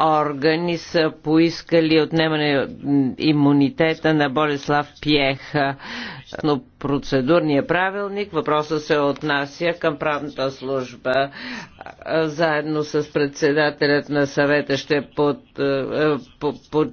органи са поискали отнемане имунитета на Болеслав Пиех. Но процедурния правилник въпросът се отнася към правната служба. Заедно с председателят на съвета ще под, е, под